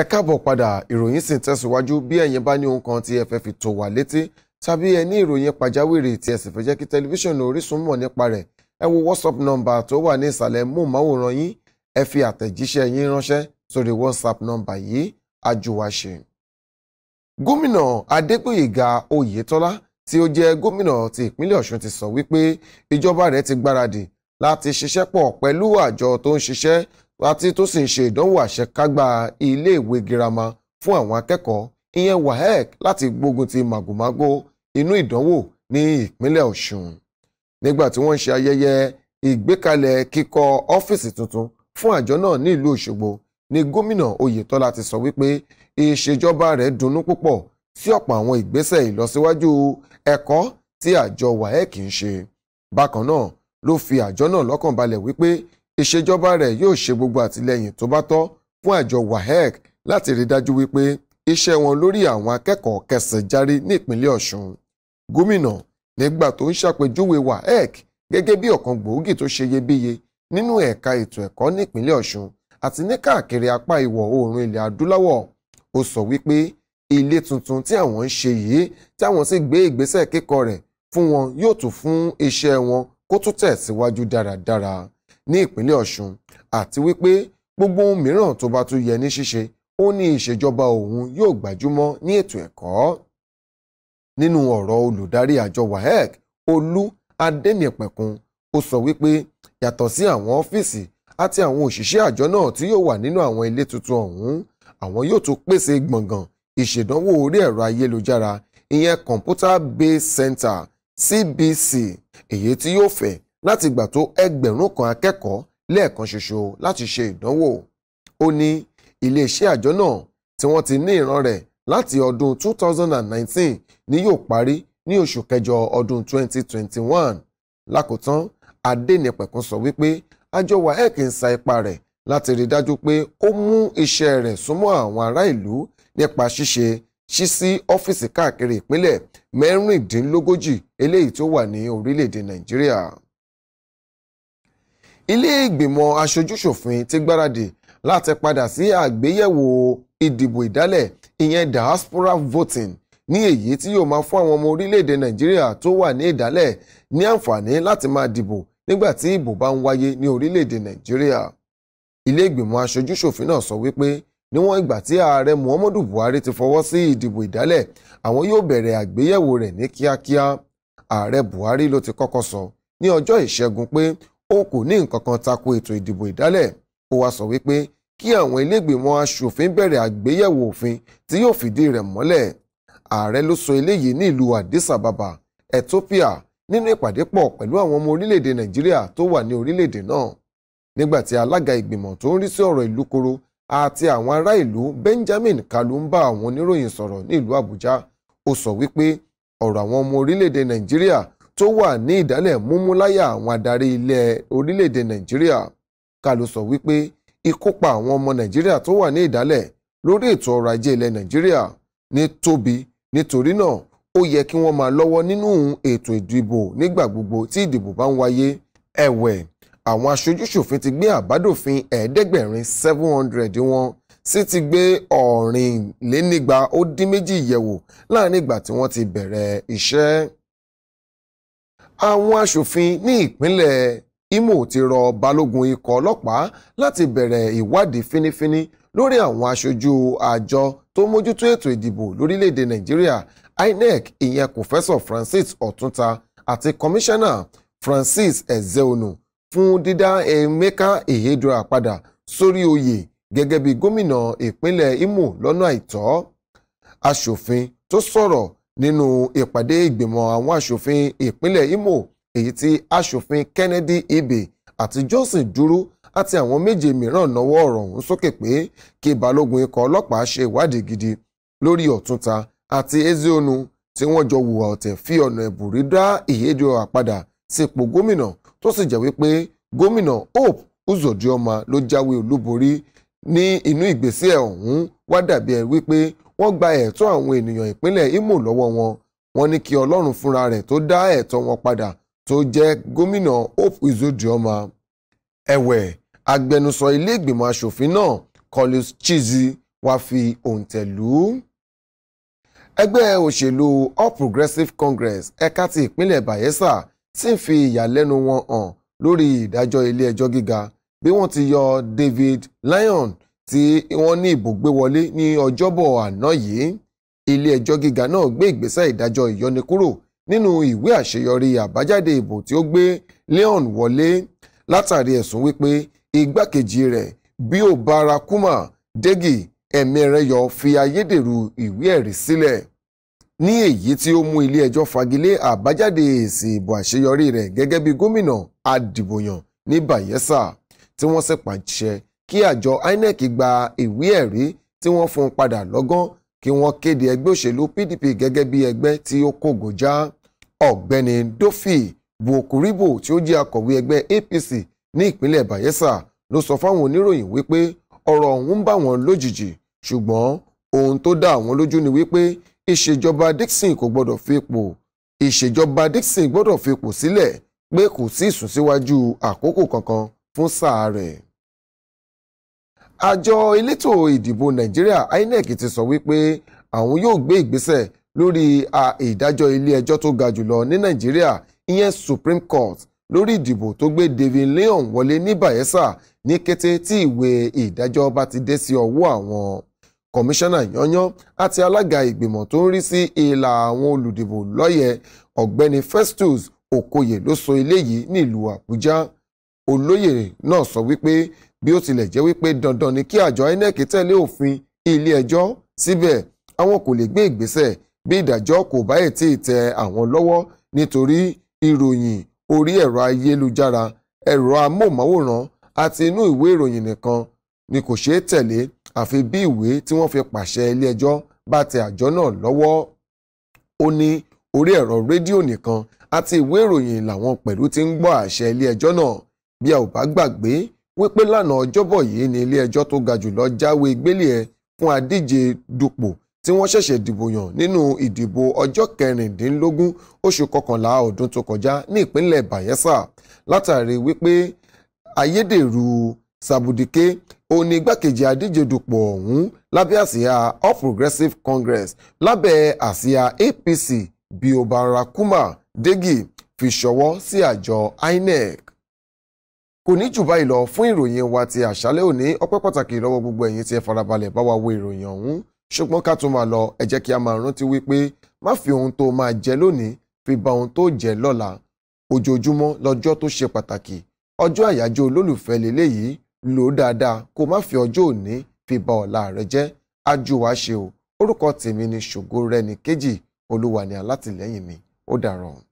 ẹ káàbọ̀ padà ìròyìn sì ń tẹ̀síwájú bí ẹ̀yin bá ní ohun kan tí ẹ fẹ́ fi tó wa létí tàbí ẹ ní ìròyìn pàjáwìrì tí ẹ sì fẹ́ jẹ́ kí tẹlifíṣàn Orísun mọ̀ nípa rẹ̀ ẹ wo WhatsApp nọ́mbà tó wà ní ìsàlẹ̀ móhùnmáwòrán yín ẹ fi àtẹ̀jíṣẹ́ yín ránṣẹ́ sórí WhatsApp nọ́mbà yìí àjùwàṣe. Gómìnà Adégbóyèga Oyètọ́lá tí ó jẹ́ gómìnà ti ìpínlẹ̀ Ọ̀ṣun ti sọ wípé ìjọba rẹ̀ ti gbáradì láti ṣiṣẹ́ pọ̀ pẹ̀lú àjọ tó ń ṣiṣẹ́ àti tó sì ń ṣe ìdánwò àṣekágbá iléèwé girama fún àwọn akẹ́kọ̀ọ́ ìyẹn WAEC láti gbógun ti màgòmágó inú ìdánwò ní ìpínlẹ̀ Ọ̀ṣun nígbà tí wọ́n ń ṣe ayẹyẹ ìgbékalẹ̀ kíkọ́ ọ́fíìsì tuntun fún àjọ náà ní ìlú Òṣogbo ni gómìnà Oyètọ́lá ti sọ wípé ìṣèjọba rẹ̀ dunnú púpọ̀ sí ọ̀pọ̀ àwọn ìgbésẹ̀ ìlọsíwájú ẹ̀kọ́ tí àjọ WAEC ń ṣe bákan náà ló fi àjọ náà lọ́kàn balẹ̀ wípé ìṣèjọba rẹ̀ yóò ṣe gbogbo àtìlẹ́yìn tó bá tọ́ fún àjọ WAEC láti rí dájú wípé iṣẹ́ wọn lórí àwọn akẹ́kọ̀ọ́ kẹsẹ̀ járí ní ìpínlẹ̀ Ọ̀ṣun gómìnà nígbà tó ń ṣàpèjúwe WAEC gẹ́gẹ́ bí ọ̀kan gbòógì tó ṣe iyebíye nínú ẹ̀ka ètò ẹ̀kọ́ ní ìpínlẹ̀ Ọ̀ṣun àti ní káàkiri apá ìwọ̀ oòrùn ilẹ̀ adúláwọ̀ ó sọ wípé ilé tuntun tí àwọn ń ṣe yìí tí àwọn sì gbé ìgbésẹ̀ kíkọ rẹ̀ fún wọn yóò tún fún iṣẹ́ wọn kó tún tẹ̀ dáradára ní ìpínlẹ̀ Ọ̀ṣun àti wípé gbogbo ohun mìíràn tó bá tún yẹ ní ṣíṣe ó ní ìṣèjọba òun yóò gbájúmọ́ ní ètò ẹ̀kọ́ nínú ọ̀rọ̀ olùdarí àjọ WAEC Olú Adénípẹ̀kun ó sọ wípé yàtọ̀ sí àwọn ọ́fíìsì àti àwọn òṣìṣẹ́ àjọ náà tí yóò wà nínú àwọn ilé tuntun ọ̀hún àwọn yóò tún pèsè gbọ̀ngàn ìṣèdánwò orí ẹ̀rọ ayélujára ìyẹn computer based center CBC èyí tí yóò fẹ̀ láti gbà tó ẹgbẹ̀rún kan akẹ́kọ̀ọ́ lẹ́ẹ̀kan ṣoṣo láti ṣe ìdánwò ó ní iléeṣẹ́ àjọ náà tí wọ́n ti ní ìran rẹ̀ láti ọdún 2019 ni yóò parí ní oṣù kẹjọ ọdún 2021 lákòótán adẹnipẹ̀kun sọ wípé àjọ waec ń sa ipá rẹ̀ láti rí dájú pé ó mú iṣẹ́ rẹ̀ súnmọ́ àwọn ará ìlú nípa ṣíṣe ṣí sí ọ́fíìsì káàkiri ìpínlẹ̀ mẹ́rìndínlógójì eléyìí tó wà ní orílẹ̀ nàìjíríà ilé ìgbìmọ̀ aṣojúṣòfin ti gbáradì láti padà sí àgbéyẹ̀wò ìdìbò ìdálẹ̀ ìyẹn diaspora voting ní èyí tí yóò máa fún àwọn ọmọ orílẹ̀-èdè nàìjíríà tó wà ní ìdálẹ̀ ní àǹfààní láti máa dìbò nígbà tí ìbò bá ń wáyé ní orílẹ̀-èdè nàìjíríà ilé ìgbìmọ̀ aṣojúṣòfin náà sọ wípé níwọ̀n ìgbà tí ààrẹ muhammadu buhari ti fọwọ́ sí ìdìbò ìdálẹ̀ àwọn yóò bẹ̀rẹ̀ àgbéyẹ̀wò rẹ̀ ní kíákíá ààrẹ buhari ló ti kọ́kọ́ sọ ní ọjọ́ ìṣẹ́gun pé òun kò ní nǹkan kan tako ètò ìdìbò ìdálẹ̀ ó wá sọ wípé kí àwọn ilégbèmọ̀ aṣòfin bẹ̀rẹ̀ àgbéyẹ̀wò òfin tí yóò fìdí rẹ̀ mọ́lẹ̀ ààrẹ ló sọ eléyìí ní ìlú Addis Ababa Ethiopia nínú ìpàdé pọ̀ pẹ̀lú àwọn ọmọ orílẹ̀-èdè Nàìjíríà tó wà ní orílẹ̀-èdè náà nígbà tí alága ìgbìmọ̀ tó ń rí sí ọ̀rọ̀ ìlú koro àti àwọn ará ìlú Benjamin Kalu ń bá àwọn oníròyìn sọ̀rọ̀ ní ìlú Àbújá ó sọ wípé ọ̀rọ̀ àwọn ọmọ orílẹ̀-èdè Nàìjíríà tó wà ní ìdálẹ̀ múmúláyà àwọn adarí ilẹ̀ orílẹ̀-èdè nàìjíríà kàlù sọ wípé ìkópa àwọn ọmọ nàìjíríà tó wà ní ìdálẹ̀ lórí ètò ọrọ̀ ajé ilẹ̀ nàìjíríà ní tóbi nítorí náà ó yẹ kí wọ́n máa lọ́wọ́ nínú ètò ìdìbò nígbà gbogbo tí ìdìbò bá ń wáyé ẹ̀wẹ̀ àwọn aṣojúṣòfin ti gbé àbádòfin ẹ̀ẹ́dẹ́gbẹ̀rin seven hundred wọn sì ti gbé ọ̀rìnlénígba ó dín méjì yẹ̀wò láàrin ìgbà tí wọ́n ti bẹ̀rẹ̀ iṣẹ́ àwọn aṣòfin ní ìpínlẹ̀ Imo ti rọ balógun ikọ̀ ọlọ́pàá láti bẹ̀rẹ̀ ìwádìí fínífíní lórí àwọn aṣojú àjọ tó mójútó ètò ìdìbò lórílẹ̀‐èdè Nàìjíríà INEC ìyẹn Kòfẹ́sọ̀ Francis Ọ̀túnta àti kọmíṣánná Francis Ezeonu fún dídá Emeka Ehedura padà sórí oyè gẹ́gẹ́ bí gómìnà ìpínlẹ̀ Imo lọ́nà àìtọ́ aṣòfin tó sọ̀rọ̀ nínú ìpàdé ìgbìmọ̀ àwọn aṣòfin ìpínlẹ̀ Imo èyí tí aṣòfin Kennedy Ibe àti Johnson Duru àti àwọn méje mìíràn náwó ọ̀rọ̀ ọ̀hún sókè pé kí balógun ikọ̀ ọlọ́pàá ṣe ìwádìí gidi lórí Ọ̀túnta àti Ezeonu tí wọ́n jọ hùwà ọ̀tẹ̀ fi ọ̀nà ẹ̀bùrí dá Ìyédìọ̀wà padà sípò gómìnà tó sì jẹ́ wípé gómìnà Hope Uzodinma ló jáwé olúborí ní inú ìgbésẹ̀ ọ̀hún wá dàbí ẹ wípé wọ́n gba ẹ̀tọ́ àwọn ènìyàn ìpínlẹ̀ Imo lọ́wọ́ wọn wọ́n ní kí Ọlọ́run fúnra rẹ̀ tó dá ẹ̀tọ́ wọn padà tó jẹ́ gómìnà Hope Uzodinma ẹ̀wẹ̀ agbẹnusọ ilé ìgbìmọ̀ asòfin náà Collins Chizi wá fi òǹtẹ̀ ẹgbẹ́ òṣèlú All Progressives Congress ẹ̀ka ti ìpínlẹ̀ Bayelsa sì ń fi ìyàlẹ́nu wọn hàn lórí ìdájọ́ ilé ẹjọ́ gíga bí wọ́n ti yọ David Lyon tí wọ́n ní ìbò gbé wọlé ní ọjọ́bọ̀ àná yìí ilé ẹjọ́ gíga náà gbé ìgbésẹ̀ ìdájọ́ ìyọnikúrò nínú ìwé àṣeyọrí àbájáde ìbò tí ó gbé Leon wọlé látàrí ẹ̀sùn wípé igbákejì rẹ̀ Bio Barakuma Degi Emereyo fi ayédèrú ìwé ẹ̀rí sílẹ̀ ní èyí tí ó mú ilé ẹjọ́ fagilé àbájáde èsì ìbò àṣeyọrí rẹ̀ gẹ́gẹ́ bí gómìnà adìbòyàn ní Bayelsa tí wọ́n sì pàṣẹ kí àjọ INEC gba ìwé ẹ̀rí tí wọ́n fún un padà lọ́gán kí wọ́n kéde ẹgbẹ́ òṣèlú PDP gẹ́gẹ́ bí ẹgbẹ́ tí ó kógo já ọ̀gbẹ́ni Dófì Buokuribo tí ó jẹ́ akọ̀wé ẹgbẹ́ APC ní ìpínlẹ̀ Bayelsa ló sọ fáwọn oníròyìn wípé ọ̀rọ̀ ọ̀hún ń bà wọ́n lójijì ṣùgbọ́n ohun tó dá àwọn lójú ni wípé ìṣèjọba Dixon kò gbọ́dọ̀ fipò ìṣèjọba Dixon gbọ́dọ̀ fipò sílẹ̀ pé kò sí ìsúnsíwájú àkókò kankan fún sáà rẹ̀ àjọ elétò ìdìbò nàìjíríà INEC ti sọ wípé àwọn yóò gbé ìgbésẹ̀ lórí ìdájọ́ ilé ẹjọ́ tó ga jùlọ ní nàìjíríà ìyẹn Supreme Court lórí ìdìbò tó gbé David Leon wọlé ní Bayelsa ní kété tí ìwé ìdájọ́ bá ti dé sí ọwọ́ àwọn kọmíṣánná yanyan àti alága ìgbìmọ̀ tó ń rí sí ìlà àwọn olùdìbò lọ́yẹ̀ ọ̀gbẹ́ni Festus Okoye ló sọ eléyìí nílùú Àbújá olóyè náà sọ wípé bí ó tilẹ̀ jẹ́ wípé dandan ni kí àjọ INEC tẹ̀lé òfin ilé ẹjọ́ síbẹ̀ àwọn kò lè gbé ìgbésẹ̀ bí ìdájọ́ kò bá ètí tẹ àwọn lọ́wọ́ nítorí ìròyìn orí ẹ̀rọ ayélujára ẹ̀rọ amóhùnmáwòrán àti inú ìwé ìròyìn nìkan ni kò ṣeé tẹ̀lé àfi bí ìwé tí wọ́n fi pàṣẹ ilé ẹjọ́ bá tẹ àjọ náà lọ́wọ́ ó ní orí ẹ̀rọ rédíò nìkan àti ìwé ìròyìn làwọn pẹ̀lú ti ń gbọ́ àṣẹ ilé ẹjọ́ náà bí a ò bá gbàgbé wípé lánàá ọjọ́bọ̀ yìí ni ilé ẹjọ́ tó ga jùlọ jáwé gbélé ẹ̀ fún adíje dupò tí wọ́n ṣẹ̀ṣẹ̀ dìbò yàn nínú ìdìbò ọjọ́ kẹrìndínlógún oṣù kọkànlá ọdún tó kọjá ní ìpínlẹ̀ Bayelsa látàrí wípé ayédèrú sàbùdíké òun ni igbákejì adíje dupò ọ̀hún lábẹ́ àsíá All Progressives Congress lábẹ́ àsíá APC Biobarakuma Degi fi ṣọwọ́ sí àjọ INEC kò ní jù báyìí lọ fún ìròyìn wa ti àṣálẹ́ òní ọpẹ́ pàtàkì lọ́wọ́ gbogbo ẹ̀yin tí ẹ farabalẹ̀ bá wa wo ìròyìn ọ̀hún ṣùgbọ́n ká tó máa lọ ẹ jẹ́ kí a máa rántí wípé má fi ohun tó máa jẹ lónìí fi ba ohun tó jẹ lọ́la ojoojúmọ́ lọ́jọ́ tó ṣe pàtàkì ọjọ́ àyájọ́ olólùfẹ́ lélẹ́yìí lò ó dáadáa kó má fi ọjọ́ òní fi ba ọ̀la rẹ jẹ́ ájú wa ṣe o orúkọ tèmi ni ṣògo rẹni kejì olúwa ni alátìlẹ́yìn mi ó dàrọ̀